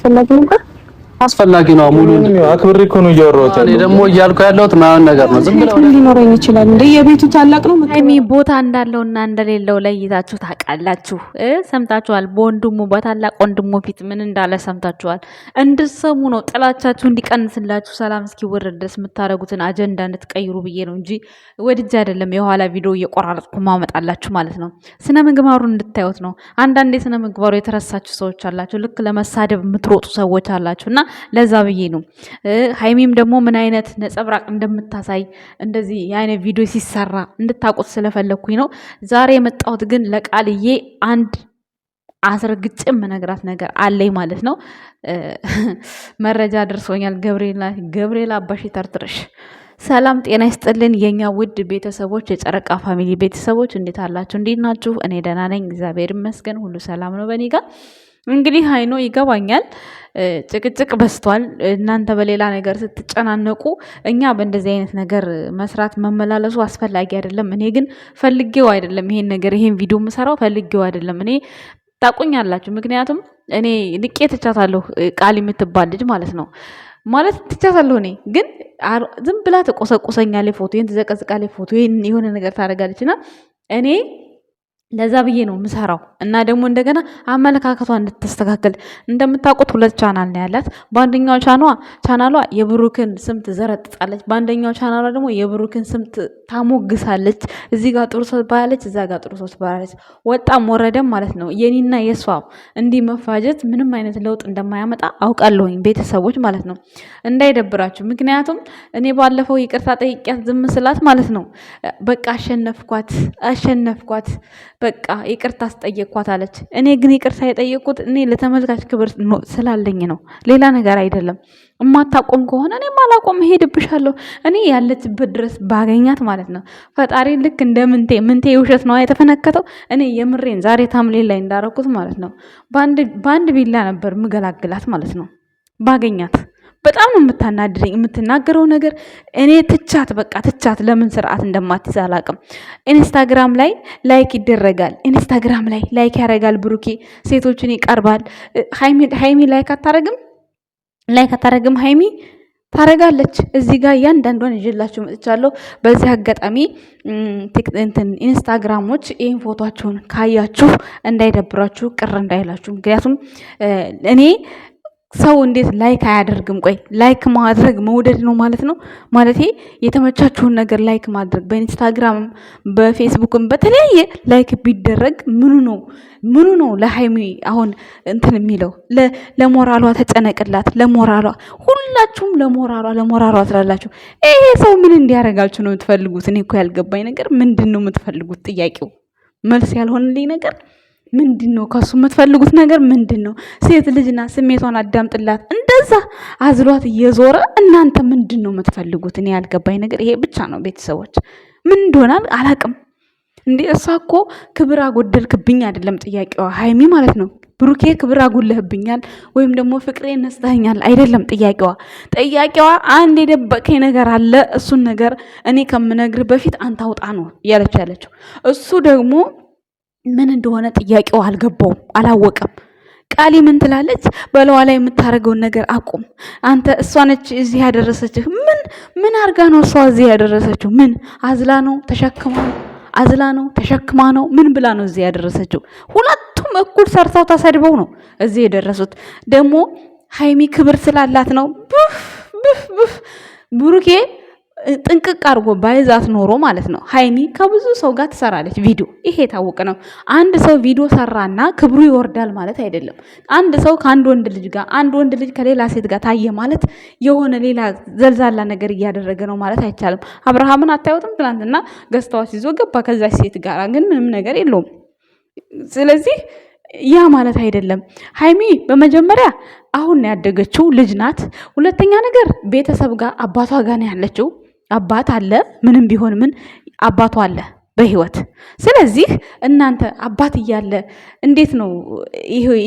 አስፈላጊ ነበር። አስፈላጊ ነው። ሙሉ አክብሬ እኮ ነው እያወራሁት ያለው። ደግሞ እያልኩ ያለሁት ምናምን ነገር ነው። ዝም ብለው ሊኖረኝ ይችላል እንዴ? የቤቱ ታላቅ ነው። ሀይሚ ቦታ እንዳለውና እንደሌለው ለይታችሁ ታውቃላችሁ። ሰምታችኋል። በወንድሙ በታላቅ ወንድሙ ፊት ምን እንዳለ ሰምታችኋል። እንድሰሙ ነው ጥላቻችሁ እንዲቀንስላችሁ ሰላም እስኪወርድ ድረስ የምታደርጉትን አጀንዳ እንድትቀይሩ ብዬ ነው እንጂ ወድጄ አይደለም። የኋላ ቪዲዮ እየቆራረጥኩ ማመጣላችሁ ማለት ነው። ስነ ምግባሩን እንድታዩት ነው። አንዳንዴ ስነ ምግባሩ የተረሳችሁ ሰዎች አላችሁ። ልክ ለመሳደብ የምትሮጡ ሰዎች አላችሁ እና ለዛ ብዬ ነው። ሀይሚም ደግሞ ምን አይነት ነጸብራቅ እንደምታሳይ እንደዚህ የአይነት ቪዲዮ ሲሰራ እንድታቁት ስለፈለግኩኝ ነው ዛሬ የመጣሁት። ግን ለቃልዬ አንድ አስረግጬ የምነግራት ነገር አለኝ ማለት ነው። መረጃ ደርሶኛል። ገብርኤል አባሽ ተርትርሽ ሰላም ጤና ይስጥልን የኛ ውድ ቤተሰቦች የጨረቃ ፋሚሊ ቤተሰቦች እንዴት አላችሁ? እንዴት ናችሁ? እኔ ደህና ነኝ፣ እግዚአብሔር ይመስገን። ሁሉ ሰላም ነው በእኔ ጋር እንግዲህ አይኖ ይገባኛል። ጭቅጭቅ በስቷል እናንተ በሌላ ነገር ስትጨናነቁ እኛ በእንደዚህ አይነት ነገር መስራት መመላለሱ አስፈላጊ አይደለም። እኔ ግን ፈልጌው አይደለም ይሄን ነገር ይሄን ቪዲዮ የምሰራው ፈልጌው አይደለም። እኔ ታቁኛላችሁ። ምክንያቱም እኔ ንቄ ትቻታለሁ። ቃል የምትባል ልጅ ማለት ነው ማለት ትቻታለሁ። እኔ ግን ዝም ብላ ተቆሰቁሰኛለች፣ ፎቶዬን ትዘቀዝቃለች፣ ይህን የሆነ ነገር ታደርጋለች እና እኔ ለዛ ብዬ ነው ምሰራው እና ደግሞ እንደገና አመለካከቷ እንድትስተካከል እንደምታውቁት ሁለት ቻናል ነው ያላት። በአንደኛው ቻኗ ቻናሏ የብሩክን ስም ትዘረጥጣለች፣ በአንደኛው ቻናሏ ደግሞ የብሩክን ስም ታሞግሳለች። እዚህ ጋር ጥሩ ሰው ትባላለች፣ እዛ ጋር ጥሩ ሰው ትባላለች። ወጣም ወረደም ማለት ነው የኔና የሷ እንዲህ መፋጀት ምንም አይነት ለውጥ እንደማያመጣ አውቃለሁኝ ቤተሰቦች ማለት ነው እንዳይደብራችሁ። ምክንያቱም እኔ ባለፈው ይቅርታ ጠይቂያት ዝም ስላት ማለት ነው በቃ አሸነፍኳት አሸነፍኳት በቃ ይቅርታ አስጠየቅኳት አለች። እኔ ግን ይቅርታ የጠየቅኩት እኔ ለተመልካች ክብር ስላለኝ ነው፣ ሌላ ነገር አይደለም። እማታቆም ከሆነ እኔ ማላቆም እሄድብሻለሁ። እኔ ያለችበት ድረስ ባገኛት ማለት ነው። ፈጣሪ ልክ እንደ ምንቴ ምንቴ ውሸት ነው የተፈነከተው። እኔ የምሬን ዛሬ ታምሌ ላይ እንዳረኩት ማለት ነው። በአንድ ቢላ ነበር ምገላግላት ማለት ነው ባገኛት በጣም ነው የምታናድደኝ የምትናገረው ነገር። እኔ ትቻት በቃ ትቻት። ለምን ስርዓት እንደማትይዝ አላቅም። ኢንስታግራም ላይ ላይክ ይደረጋል። ኢንስታግራም ላይ ላይክ ያደርጋል ብሩኬ፣ ሴቶችን ይቀርባል። ሀይሚ ላይክ አታረግም፣ ላይክ አታረግም ሀይሚ ታረጋለች እዚህ ጋር እያንዳንዷን ይዤላችሁ መጥቻለሁ። በዚህ አጋጣሚ እንትን ኢንስታግራሞች ይህን ፎቷችሁን ካያችሁ እንዳይደብራችሁ፣ ቅር እንዳይላችሁ። ምክንያቱም እኔ ሰው እንዴት ላይክ አያደርግም? ቆይ ላይክ ማድረግ መውደድ ነው ማለት ነው። ማለት የተመቻችሁን ነገር ላይክ ማድረግ በኢንስታግራምም በፌስቡክም በተለያየ ላይክ ቢደረግ ምኑ ነው ምኑ ነው ለሀይሚ አሁን እንትን የሚለው ለሞራሏ ተጨነቅላት፣ ለሞራሏ ሁላችሁም ለሞራሏ ለሞራሏ ትላላችሁ። ይሄ ሰው ምን እንዲያደርጋችሁ ነው የምትፈልጉት? እኔ እኮ ያልገባኝ ነገር ምንድን ነው የምትፈልጉት? ጥያቄው መልስ ያልሆንልኝ ነገር ምንድን ነው ከሱ የምትፈልጉት ነገር ምንድን ነው? ሴት ልጅና ስሜቷን አዳምጥላት። እንደዛ አዝሏት እየዞረ እናንተ ምንድን ነው የምትፈልጉት? እኔ ያልገባኝ ነገር ይሄ ብቻ ነው። ቤተሰቦች ምን እንደሆናል አላቅም። እንዲ እሷ እኮ ክብር አጎደልክብኝ አይደለም ጥያቄዋ፣ ሀይሚ ማለት ነው ብሩኬ ክብር አጉለህብኛል ወይም ደግሞ ፍቅሬ ነስተኛል አይደለም ጥያቄዋ። ጥያቄዋ አንድ የደበቀኝ ነገር አለ፣ እሱን ነገር እኔ ከምነግር በፊት አንተ አውጣ ነው እያለች ያለችው። እሱ ደግሞ ምን እንደሆነ ጥያቄው አልገባውም፣ አላወቀም። ቃሊ ምን ትላለች? በለዋ ላይ የምታደርገውን ነገር አቁም። አንተ እሷ ነች እዚህ ያደረሰችህ። ምን ምን አርጋ ነው እሷ እዚህ ያደረሰችው? ምን አዝላ ነው ተሸክማ ነው አዝላ ነው ተሸክማ ነው ምን ብላ ነው እዚህ ያደረሰችው? ሁለቱም እኩል ሰርተው ተሰድበው ነው እዚህ የደረሱት። ደግሞ ሀይሚ ክብር ስላላት ነው ብፍ ብፍ ብፍ ቡሩኬ ጥንቅቅ አድርጎ ባይዛት ኖሮ ማለት ነው ሀይሚ ከብዙ ሰው ጋር ትሰራለች ቪዲዮ። ይሄ የታወቀ ነው። አንድ ሰው ቪዲዮ ሰራና ክብሩ ይወርዳል ማለት አይደለም። አንድ ሰው ከአንድ ወንድ ልጅ ጋር አንድ ወንድ ልጅ ከሌላ ሴት ጋር ታየ ማለት የሆነ ሌላ ዘልዛላ ነገር እያደረገ ነው ማለት አይቻልም። አብርሃምን አታዩትም? ትናንትና ገዝታዋች ይዞ ገባ። ከዛች ሴት ጋር ግን ምንም ነገር የለውም። ስለዚህ ያ ማለት አይደለም። ሀይሚ በመጀመሪያ አሁን ያደገችው ልጅ ናት። ሁለተኛ ነገር ቤተሰብ ጋር አባቷ ጋር ነው ያለችው። አባት አለ። ምንም ቢሆን ምን አባቱ አለ በህይወት። ስለዚህ እናንተ አባት እያለ እንዴት ነው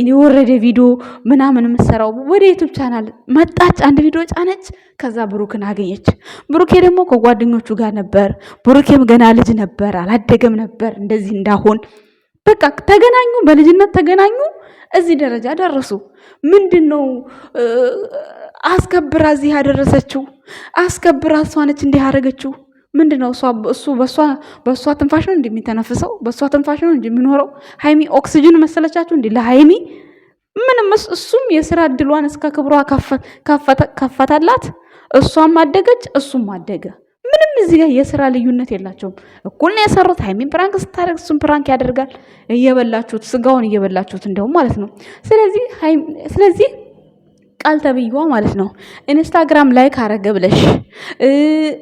የወረደ ቪዲዮ ምናምን የምትሰራው? ወደ ዩቱብ ቻናል መጣች፣ አንድ ቪዲዮ ጫነች፣ ከዛ ብሩክን አገኘች። ብሩኬ ደግሞ ከጓደኞቹ ጋር ነበር። ብሩኬም ገና ልጅ ነበር፣ አላደገም ነበር እንደዚህ እንዳሆን። በቃ ተገናኙ፣ በልጅነት ተገናኙ፣ እዚህ ደረጃ ደረሱ። ምንድን ነው አስከብራ እዚህ ያደረሰችው አስከብራ እሷ ነች እንዲህ ያደረገችው። ምንድን ነው እሱ በእሷ ትንፋሽ ነው እንዲህ የሚተነፍሰው በእሷ ትንፋሽ ነው እንዲህ የሚኖረው። ሀይሚ ኦክሲጅን መሰለቻችሁ እንዲ ለሀይሚ ምንም። እሱም የስራ እድሏን እስከ ክብሯ ከፈታላት፣ እሷም አደገች፣ እሱም አደገ። ምንም እዚህ ጋር የስራ ልዩነት የላቸውም። እኩል ነው የሰሩት። ሀይሚን ፕራንክ ስታደርግ እሱም ፕራንክ ያደርጋል። እየበላችሁት ስጋውን እየበላችሁት እንደውም ማለት ነው። ስለዚህ ስለዚህ ቃል ተብዬዋ ማለት ነው ኢንስታግራም ላይ ካረገ ብለሽ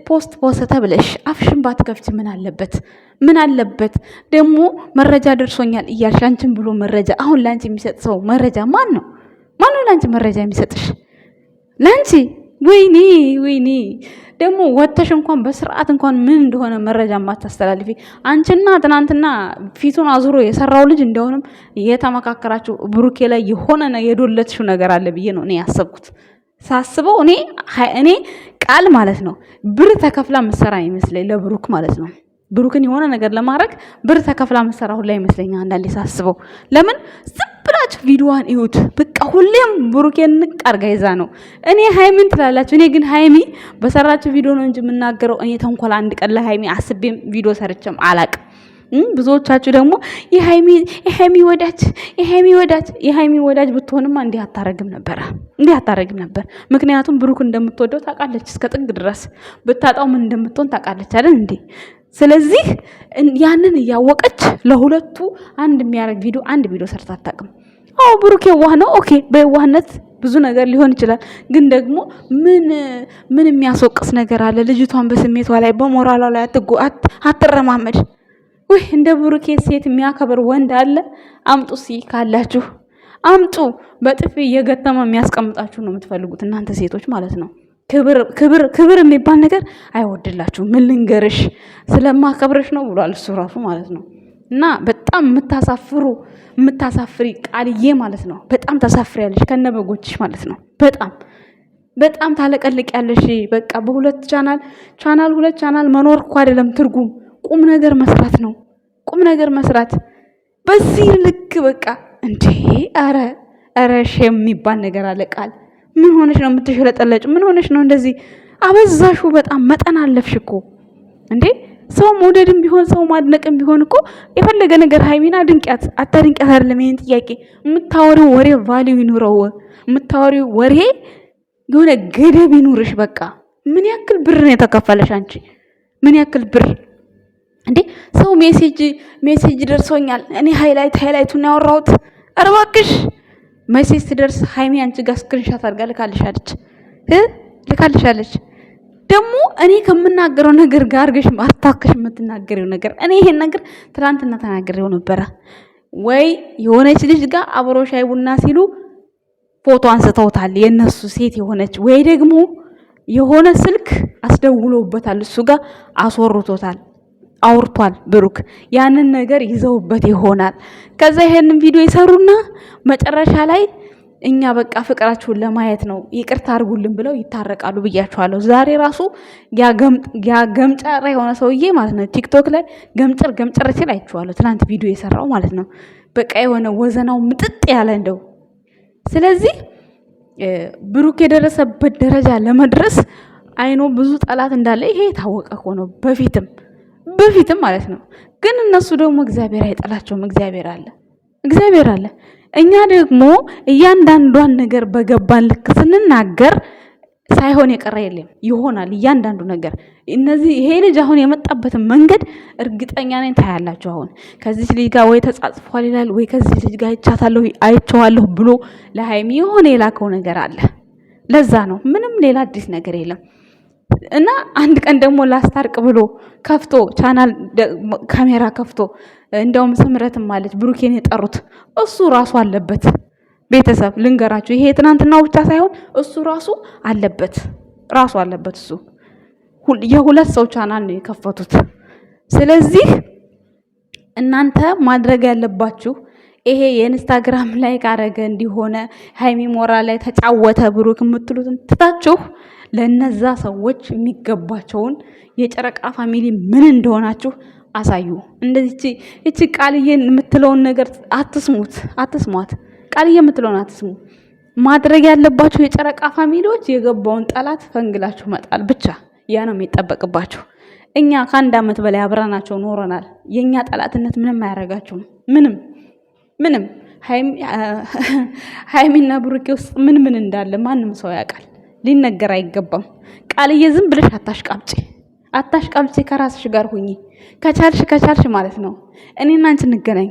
ፖስት ፖሰተ ብለሽ አፍሽን ባትከፍች ምን አለበት? ምን አለበት ደግሞ መረጃ ደርሶኛል እያልሽ አንቺን ብሎ መረጃ አሁን ለአንቺ የሚሰጥ ሰው መረጃ ማን ነው? ማን ነው ለአንቺ መረጃ የሚሰጥሽ ለአንቺ ወይኔ ወይኔ ደግሞ ወተሽ እንኳን በስርዓት እንኳን ምን እንደሆነ መረጃ ማታስተላልፊ አንቺና ትናንትና ፊቱን አዙሮ የሰራው ልጅ እንደሆነም የተመካከራችሁ ብሩኬ ላይ የሆነ የዶለትሽው ነገር አለ ብዬ ነው እኔ ያሰብኩት። ሳስበው እኔ እኔ ቃል ማለት ነው ብር ተከፍላ ምሰራ ይመስለኝ ለብሩክ ማለት ነው። ብሩክን የሆነ ነገር ለማድረግ ብር ተከፍላ መሰራ ሁላ ይመስለኛል አንዳንዴ ሳስበው። ለምን ዝም ብላችሁ ቪዲዮዋን እዩት። በቃ ሁሌም ብሩኬን ንቅ አርጋ ይዛ ነው። እኔ ሀይሚን ትላላችሁ፣ እኔ ግን ሀይሚ በሰራችሁ ቪዲዮ ነው እንጂ የምናገረው። እኔ ተንኮል አንድ ቀን ለሀይሚ አስቤም ቪዲዮ ሰርቼም አላቅ። ብዙዎቻችሁ ደግሞ የሃይሚ ወዳጅ የሃይሚ ወዳጅ የሀይሚ ወዳጅ ብትሆንማ እንዲህ አታረግም ነበረ፣ እንዲህ አታረግም ነበር። ምክንያቱም ብሩክ እንደምትወደው ታውቃለች፣ እስከ ጥግ ድረስ ብታጣው ምን እንደምትሆን ታውቃለች አይደል እንዴ? ስለዚህ ያንን እያወቀች ለሁለቱ አንድ የሚያደርግ ቪዲዮ አንድ ቪዲዮ ሰርታ አታውቅም። አዎ ብሩክ የዋህ ነው። ኦኬ በየዋህነት ብዙ ነገር ሊሆን ይችላል። ግን ደግሞ ምን ምን የሚያስወቅስ ነገር አለ? ልጅቷን በስሜቷ ላይ በሞራሏ ላይ አትረማመድ። ወይ? እንደ ብሩኬ ሴት የሚያከብር ወንድ አለ? አምጡ ሲ ካላችሁ አምጡ። በጥፊ እየገጠመ የሚያስቀምጣችሁ ነው የምትፈልጉት እናንተ ሴቶች ማለት ነው። ክብር የሚባል ነገር አይወድላችሁም። ምን ልንገርሽ ስለማከብረሽ ነው ብሏል እሱ ራሱ ማለት ነው። እና በጣም የምታሳፍሩ የምታሳፍሪ ቃልዬ ማለት ነው። በጣም ታሳፍሪያለሽ ከነ በጎችሽ ማለት ነው። በጣም በጣም ታለቀልቅ ያለሽ በቃ በሁለት ቻናል ቻናል ሁለት ቻናል መኖር እኮ አይደለም ትርጉም ቁም ነገር መስራት ነው። ቁም ነገር መስራት በዚህ ልክ በቃ እንዴ! ኧረ ኧረ ሼም የሚባል ነገር አለ ቃል ምን ሆነሽ ነው የምትሽለጠለጭ? ምን ሆነሽ ነው እንደዚህ? አበዛሹ በጣም መጠን አለፍሽ እኮ እንዴ! ሰው መውደድም ቢሆን ሰው ማድነቅም ቢሆን እኮ የፈለገ ነገር ሃይሚን አድንቂያት አታድንቂያት አይደለም። ይህን ጥያቄ የምታወሪው ወሬ ቫሊው ይኑረው። የምታወሪው ወሬ የሆነ ገደብ ይኑርሽ። በቃ ምን ያክል ብር ነው የተከፈለሽ አንቺ? ምን ያክል ብር እንዴ! ሰው ሜሴጅ ሜሴጅ ደርሶኛል እኔ ሃይላይት ሃይላይቱን ያወራሁት እባክሽ መቼ ትደርስ ሀይሚ አንቺ ጋር ስክሪንሻት አድርጋ ልካልሻለች ልካልሻለች። ደግሞ እኔ ከምናገረው ነገር ጋር አድርገሽ አታክሽ የምትናገሪው ነገር እኔ ይሄን ነገር ትናንትና ተናግሬው ነበረ ወይ የሆነች ልጅ ጋር አብሮ ሻይ ቡና ሲሉ ፎቶ አንስተውታል የእነሱ ሴት የሆነች ወይ ደግሞ የሆነ ስልክ አስደውሎበታል እሱ ጋር አስወርቶታል። አውርቷል ብሩክ። ያንን ነገር ይዘውበት ይሆናል። ከዛ ይሄንን ቪዲዮ ይሰሩና መጨረሻ ላይ እኛ በቃ ፍቅራችሁን ለማየት ነው ይቅርታ አድርጉልን ብለው ይታረቃሉ ብያችኋለሁ። ዛሬ ራሱ ገምጨራ የሆነ ሰውዬ ማለት ነው ቲክቶክ ላይ ገምጭር ገምጭር ሲል አይችዋለሁ። ትናንት ቪዲዮ የሰራው ማለት ነው በቃ የሆነ ወዘናው ምጥጥ ያለ እንደው። ስለዚህ ብሩክ የደረሰበት ደረጃ ለመድረስ አይኖ ብዙ ጠላት እንዳለ ይሄ የታወቀ እኮ ነው በፊትም በፊትም ማለት ነው። ግን እነሱ ደግሞ እግዚአብሔር አይጠላቸውም። እግዚአብሔር አለ፣ እግዚአብሔር አለ። እኛ ደግሞ እያንዳንዷን ነገር በገባን ልክ ስንናገር ሳይሆን የቀረ የለም፣ ይሆናል እያንዳንዱ ነገር። እነዚህ ይሄ ልጅ አሁን የመጣበትን መንገድ እርግጠኛ ነኝ ታያላችሁ። አሁን ከዚህ ልጅ ጋር ወይ ተጻጽፏል ይላል ወይ ከዚህ ልጅ ጋር ይቻታለሁ አይቸዋለሁ ብሎ ለሀይሚ የሆነ የላከው ነገር አለ። ለዛ ነው ምንም ሌላ አዲስ ነገር የለም። እና አንድ ቀን ደግሞ ላስታርቅ ብሎ ከፍቶ ቻናል ካሜራ ከፍቶ እንደውም ስምረትም ማለች ብሩኬን የጠሩት እሱ ራሱ አለበት። ቤተሰብ ልንገራችሁ፣ ይሄ ትናንትናው ብቻ ሳይሆን እሱ ራሱ አለበት፣ ራሱ አለበት። እሱ የሁለት ሰው ቻናል ነው የከፈቱት። ስለዚህ እናንተ ማድረግ ያለባችሁ ይሄ የኢንስታግራም ላይ ካረገ እንዲሆነ ሃይሚ ሞራ ላይ ተጫወተ ብሩክ የምትሉትን ትታችሁ ለነዛ ሰዎች የሚገባቸውን የጨረቃ ፋሚሊ ምን እንደሆናችሁ አሳዩ። እንደዚህ እቺ ቃልዬን የምትለውን ነገር አትስሙት፣ አትስሟት። ቃልዬ የምትለውን አትስሙ። ማድረግ ያለባቸው የጨረቃ ፋሚሊዎች የገባውን ጠላት ፈንግላችሁ መጣል ብቻ፣ ያ ነው የሚጠበቅባችሁ። እኛ ከአንድ ዓመት በላይ አብረናቸው ኖረናል። የእኛ ጠላትነት ምንም አያረጋችሁም። ምንም ምንም ሀይሚና ብሩኬ ውስጥ ምን ምን እንዳለ ማንም ሰው ያውቃል። ሊነገር አይገባም። ቃልዬ ዝም ብለሽ አታሽቃብጪ አታሽቃብጪ፣ ከራስሽ ጋር ሁኚ። ከቻልሽ ከቻልሽ ማለት ነው እኔና አንቺ እንገናኝ።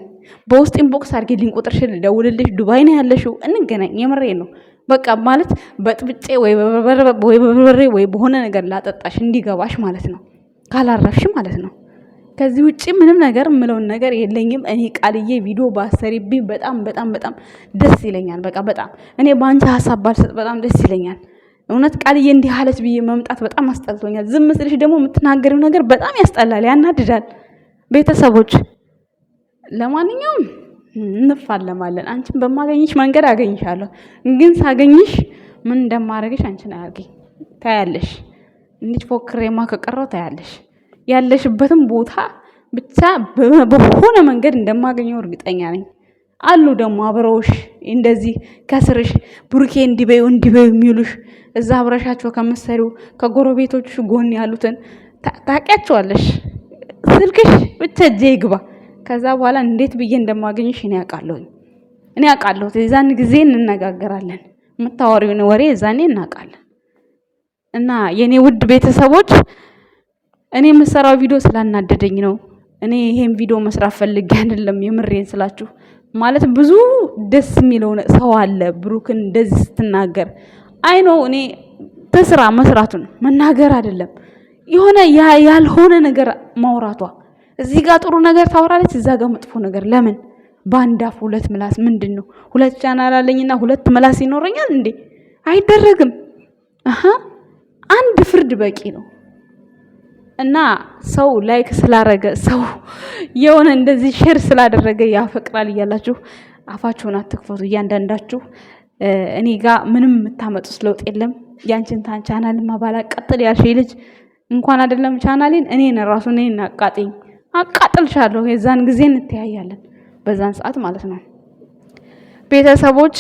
በውስጥ ኢንቦክስ አድርጌ ሊንቁጥርሽን ልደውልልሽ። ዱባይ ነው ያለሽው፣ እንገናኝ። የምሬ ነው በቃ ማለት በጥብጬ ወይ በበርበሬ ወይ በሆነ ነገር ላጠጣሽ እንዲገባሽ ማለት ነው፣ ካላረፍሽ ማለት ነው። ከዚህ ውጭ ምንም ነገር ምለውን ነገር የለኝም። እኔ ቃልዬ ቪዲዮ ባሰሪብኝ በጣም በጣም በጣም ደስ ይለኛል። በቃ በጣም እኔ በአንቺ ሀሳብ ባልሰጥ በጣም ደስ ይለኛል። እውነት ቃልዬ እንዲህ አለች ብዬ መምጣት በጣም አስጠልቶኛል። ዝም ስልሽ ደግሞ የምትናገሪው ነገር በጣም ያስጠላል፣ ያናድዳል። ቤተሰቦች ለማንኛውም እንፋለማለን። አንቺን በማገኝሽ መንገድ አገኝሻለሁ፣ ግን ሳገኝሽ ምን እንደማደርግሽ አንቺን አያርገኝ ታያለሽ። እንዲህ ፎክሬማ ከቀረው ታያለሽ። ያለሽበትም ቦታ ብቻ በሆነ መንገድ እንደማገኘው እርግጠኛ ነኝ። አሉ ደግሞ አብረውሽ እንደዚህ ከስርሽ ብሩኬ እንዲበዩ እንዲበዩ የሚሉሽ እዛ አብረሻቸው ከምትሰሪው ከጎረቤቶች ጎን ያሉትን ታውቂያቸዋለሽ። ስልክሽ ብቻ እጄ ይግባ። ከዛ በኋላ እንዴት ብዬ እንደማገኝሽ እኔ አውቃለሁ፣ እኔ አውቃለሁ። የዛን ጊዜ እንነጋገራለን። የምታወሪውን ወሬ እዛኔ እናውቃለን። እና የኔ ውድ ቤተሰቦች እኔ የምሰራው ቪዲዮ ስላናደደኝ ነው። እኔ ይሄን ቪዲዮ መስራት ፈልጌ አይደለም፣ የምሬን ስላችሁ ማለት ብዙ ደስ የሚለው ሰው አለ። ብሩክን እንደዚህ ስትናገር አይ ነው እኔ ተስራ መስራቱን መናገር አይደለም የሆነ ያልሆነ ነገር ማውራቷ እዚህ ጋር ጥሩ ነገር ታወራለች፣ እዛ ጋር መጥፎ ነገር። ለምን በአንድ አፍ ሁለት ምላስ? ምንድን ነው ሁለት ቻናል አለኝና ሁለት ምላስ ይኖረኛል እንዴ? አይደረግም። አንድ ፍርድ በቂ ነው። እና ሰው ላይክ ስላረገ ሰው የሆነ እንደዚህ ሼር ስላደረገ ያፈቅራል እያላችሁ አፋችሁን አትክፈቱ። እያንዳንዳችሁ እኔ ጋር ምንም የምታመጡት ለውጥ የለም። ያንቺን ታን ቻናል ማባላ ቀጥል ያልሽ ልጅ እንኳን አይደለም ቻናሌን እኔን ራሱ እኔን አቃጥኝ አቃጥልሻለሁ። የዛን ጊዜ እንተያያለን፣ በዛን ሰዓት ማለት ነው ቤተሰቦች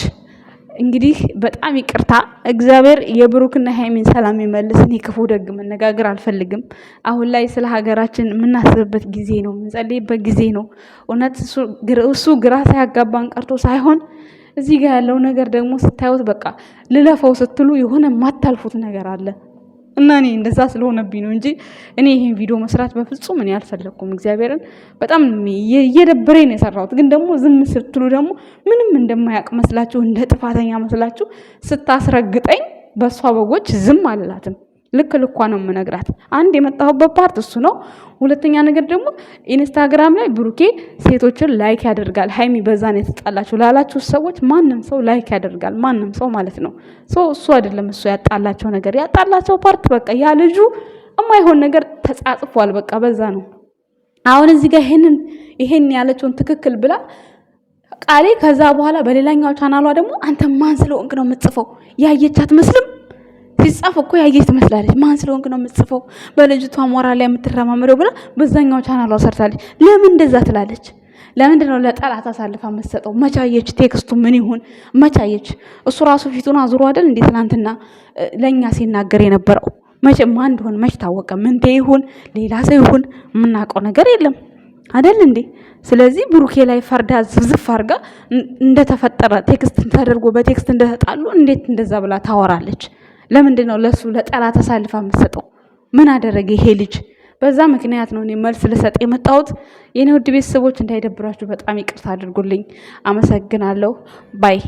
እንግዲህ በጣም ይቅርታ። እግዚአብሔር የብሩክና ሃይሚን ሰላም ይመልስ። እኔ ክፉ ደግ መነጋገር አልፈልግም። አሁን ላይ ስለ ሀገራችን የምናስብበት ጊዜ ነው፣ የምንጸልይበት ጊዜ ነው። እውነት እሱ ግራ ሳያጋባን ቀርቶ ሳይሆን እዚህ ጋር ያለው ነገር ደግሞ ስታዩት በቃ ልለፈው ስትሉ የሆነ የማታልፉት ነገር አለ። እና እኔ እንደዛ ስለሆነብኝ ነው እንጂ እኔ ይሄን ቪዲዮ መስራት በፍጹም እኔ አልፈለግኩም። እግዚአብሔርን በጣም እየደበረኝ ነው የሰራሁት። ግን ደግሞ ዝም ስትሉ ደግሞ ምንም እንደማያውቅ መስላችሁ እንደ ጥፋተኛ መስላችሁ ስታስረግጠኝ በእሷ በጎች ዝም አልላትም። ልክ ልኳ ነው የምነግራት። አንድ የመጣሁበት ፓርት እሱ ነው። ሁለተኛ ነገር ደግሞ ኢንስታግራም ላይ ብሩኬ ሴቶችን ላይክ ያደርጋል። ሀይሚ በዛ የተጣላችሁ ላላችሁ ሰዎች ማንም ሰው ላይክ ያደርጋል፣ ማንም ሰው ማለት ነው። ሰው እሱ አይደለም እሱ ያጣላቸው ነገር ያጣላቸው ፓርት በቃ ያ ልጁ የማይሆን ነገር ተጻጽፏል። በቃ በዛ ነው። አሁን እዚህ ጋር ይሄንን ይሄን ያለችውን ትክክል ብላ ቃሌ ከዛ በኋላ በሌላኛው ቻናሏ ደግሞ አንተ ማን ስለሆንክ ነው የምጽፈው? ያየቻት መስልም ሲጻፍ እኮ ያየች ትመስላለች። ማን ስለሆንክ ነው የምትጽፈው በልጅቷ ሞራ ላይ የምትረማመደው ብላ በዛኛው ቻናሏ ሰርታለች። ለምን እንደዛ ትላለች? ለምንድን ነው ለጠላት አሳልፋ የምትሰጠው? መቻየች ቴክስቱ ምን ይሁን መቻየች። እሱ ራሱ ፊቱን አዙሮ አይደል እንዴ ትናንትና ለእኛ ሲናገር የነበረው። መቼ ማን እንደሆነ መች ታወቀ? ምንቴ ይሁን ሌላ ሰው ይሁን የምናውቀው ነገር የለም አደል እንዴ? ስለዚህ ብሩኬ ላይ ፈርዳ ዝፍዝፍ አድርጋ እንደተፈጠረ ቴክስት ተደርጎ በቴክስት እንደተጣሉ እንዴት እንደዛ ብላ ታወራለች? ለምንድን ነው ለሱ ለጠላት አሳልፋ የምትሰጠው? ምን አደረገ ይሄ ልጅ? በዛ ምክንያት ነው እኔ መልስ ልሰጥ የመጣሁት። የኔ ውድ ቤተሰቦች እንዳይደብራችሁ በጣም ይቅርታ አድርጉልኝ። አመሰግናለሁ ባይ